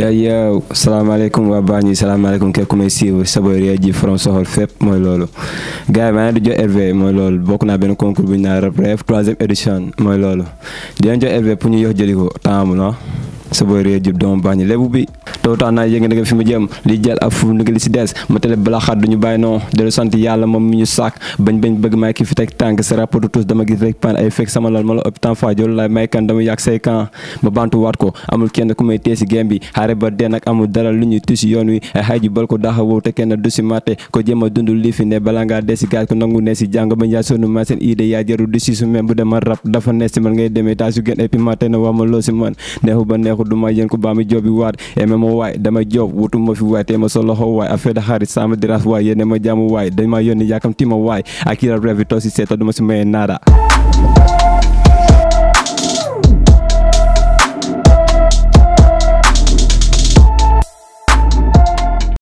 yow yow salaamaaleykum waa Bargny salaamaaleykum képp ku may suivre saboy réer ji from soxor fépp mooy loolu gars yi maa di jox RV mooy loolu bokk naa benn concours bu ñu naan Rap édition mooy loolu di leen jox RV pour ñu yox jëli ko temps ah. sabari jib doomu baax ñi lebu bi tawtaan naa yënga nga fi ma jëm ma a seen idée yaa jaru du si su bu dema rab dafa ne si man ngay demee taa su gën et na waa ma loo si man neexu ba neexu duma yen ko bami jobi waat eh, e memo waay dama job wutuma fi waay tema solo ho waay affaire xarit sama diras waay yene ma jaamu waay dañ ma yónni yaakam tima waay akira revi si seeta duma si may naara